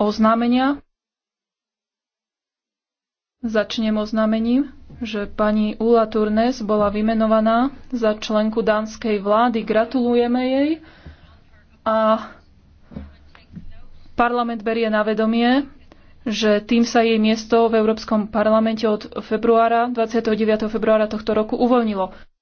oznámenia. Začnem oznámením, že pani Ula Turnes bola vymenovaná za členku dánskej vlády. Gratulujeme jej a parlament berie na vedomie, že tým sa jej miesto v Európskom parlamente od februára, 29. februára tohto roku uvoľnilo.